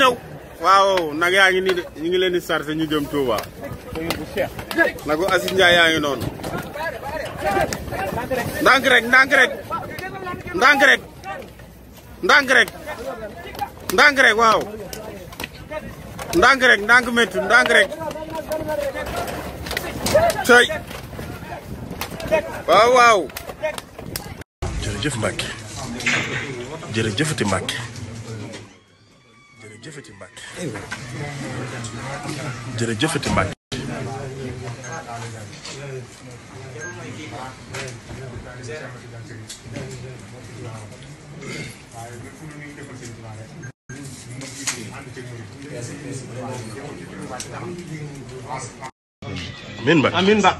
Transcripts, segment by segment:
ñëw. waaw nag yaa ngi nii de ñu ngi leen di sarse ñu jëm Touba. nagu Aziz Ndiaye yaa ngi noonu. ndànk rek ndànk rek. ndànk rek. ndànk rek. ndànk rek waaw. ndànk rek ndànk métti ndànk rek. cay. waaw waaw. jërëjëf Mbacke. jërëjëfati Mbacke. jërëjëfati Mbacke. jërëjëfati Mbacke. amiin Mbacke amiin Mbacke.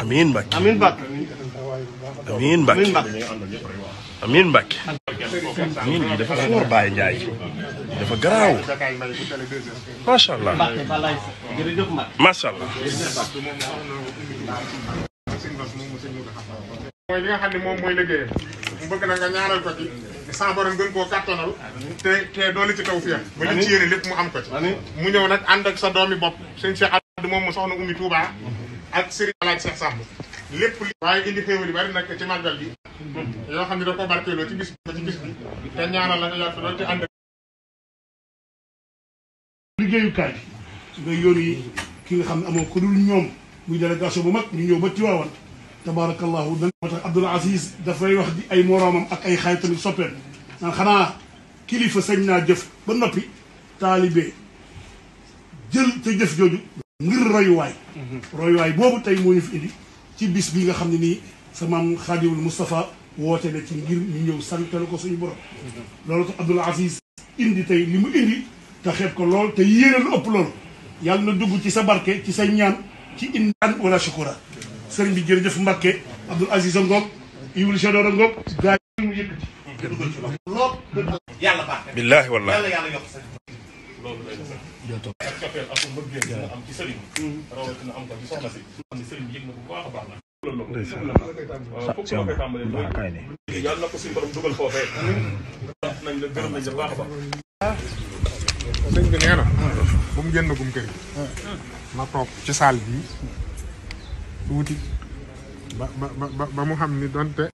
amiin Mbacke amiin Mbacke. amiin Mbacke. amiin Mbacke. amiin bi dafa foor Baye Ndiaye. dafa garaaw. macha allah. macha allah. mooy li nga xam ne moom mooy liggéeyam mu bëgg na nga ñaanal ko ci sa borom gën koo kattanal te te dooli ci taw fiya ba li ci yéene lépp mu am ko ci mu ñëw nag ànd ak sa doomi bopp sëñ Cheikh Abdou moom mu soxna Oumy Touba ak Serigne Alaaj Cheikh Samb lépp li waaye indi xéewal xam ne da ko barkeeloo ci bis bi ci bis bi te ñaanal yi ki nga amoo ko dul ñoom muy délégation bu mag ñu ñëw ba Tiwaawan tabarakallahu da moo tax dafay wax di ay ay xaay tamit soppeen naan xanaa kilifa sañ naa jëf ba noppi taalibe jël te jëf jooju ngir royuwaay mhm. royuwaay boobu tey fi indi ci bis bi nga xam ne nii sa maam Xaadimul Moustapha woote na ci ngir ñu ñëw santal ko suñu borom. loolu tax Abdoul Aziz indi tey li mu indi te xeeb ko lool te yéene lu ëpp loolu yàlla na dugg ci sa barke ci sa ñaan ci indi wala shukura sëriñ bi jërëjëf Mbacke Abdoul Aziz a ngoog Ibou Chador a ngoog gaa yi yàlla baax billaahi wallaahi yàlla ak coppeel ak mbëggeel dina am ci sëriñ bi mm-hmm. rawatina am ko ci soxna si am ni sëriñ bi a baax nag yàlla na ko suñu borom dugal foofee nañ la gërëm nañ la a mu saal bi tuuti ba ba ba mu xam ni donte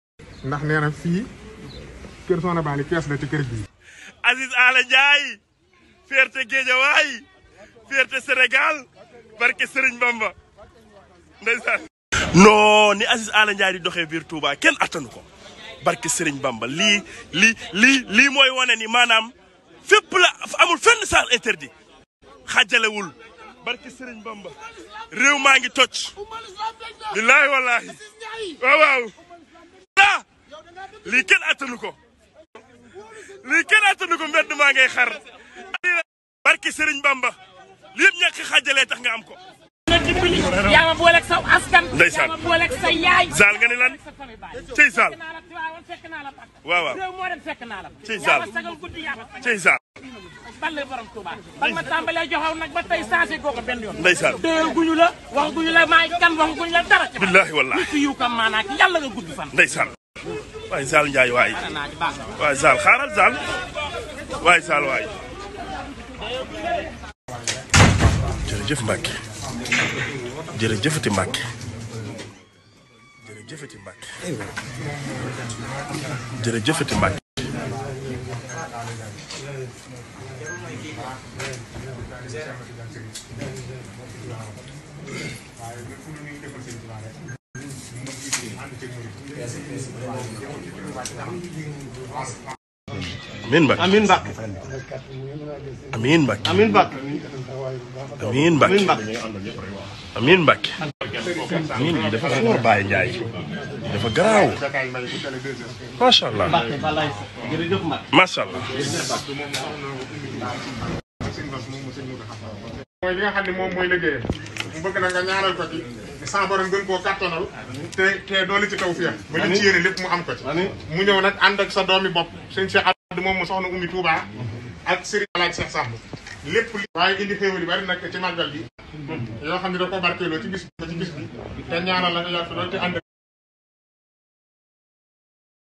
ndax nee na fii kër soxna Bally kees la ci kër gi Aziz Ala Ndiaye fierté Guédiawaye fierté senegal barke Serigne Bamba ndeysaan non ni Aziz Ala Ndiaye di doxee biir Touba kenn attanu ko barke sëriñ Bamba lii lii lii lii mooy wane ni maanaam fépp la amul fenn sax interdit xajalewul barke Serigne Bamba réew maa ngi toj billaahi wallaahi waaw waaw lii kenn attanu ko lii kenn attanu ko mbedd maa ngay xar barke Serigne Bamba li yëpp ñàkk xaajalee tax nga am ko. nga dimbali yaa ma booleeg saw askan. ndeysaan Saal nga lan cey Saal. waaw waaw cey Saal cey Saal. balle borom Touba ban la wax guñu la maay kan wax guñu la dara. billaahi wallaahi nit Saal xaaral Saal waay Saal waay. jërëjëf Mbacke jërëjëfati Mbacke jërëjëfati Mbacke jërëjëfati Mbacke amiin Mbacke amiin Mbacke. amiin Mbacke amiin Mbacke. amiin Mbacke amiin Mbacke. amiin lii dafa foor Baye Ndiaye dafa garaaw macha allah macha allah. mooy li nga xam ne moom mooy liggéeyam mu bëgg na nga ñaanal ko ci sa borom gën koo kàttanal te te doole ci taw fii ba li ci yéene lépp mu am ko ci mu ñëw nag ànd ak sa doomi bopp sëñ Cheikh Wade moom mu soxna Oumy Touba ak Serigne Alaaj lépp li waaye indi xéewal yi bari xam ne te ñaanal la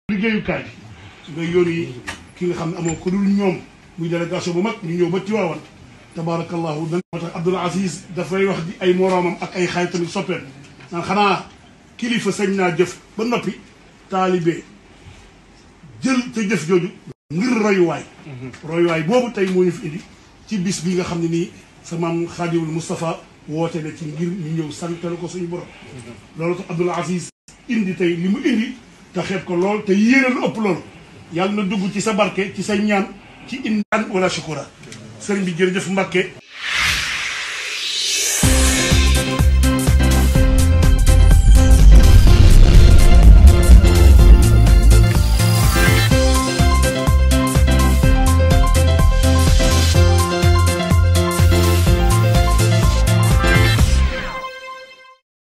nga yor yi ki nga ne amoo ko dul ñoom muy délégation bu mag ñu ñëw ba Tiwaawan tabarakallahu da moo Aziz dafay wax ay moroomam ak ay xaay tamit soppeem naan xanaa kilifa sañ naa jëf ba taalibe jël te jëf ngir royuwaay mhm. royuwaay boobu tey moo ñu fi indi ci bis bi nga xam ne nii sa maam xaadimul Moustapha woote na ci ngir ñu ñëw santal ko suñu borom mhm. loolu tax Abdoul Aziz indi tey li mu indi te xeeb ko lool te yéene lu ëpp loolu yàlla na dugg ci sa barke ci sa ñaan ci indaan wala shukura sëriñ bi jërëjëf Mbàkke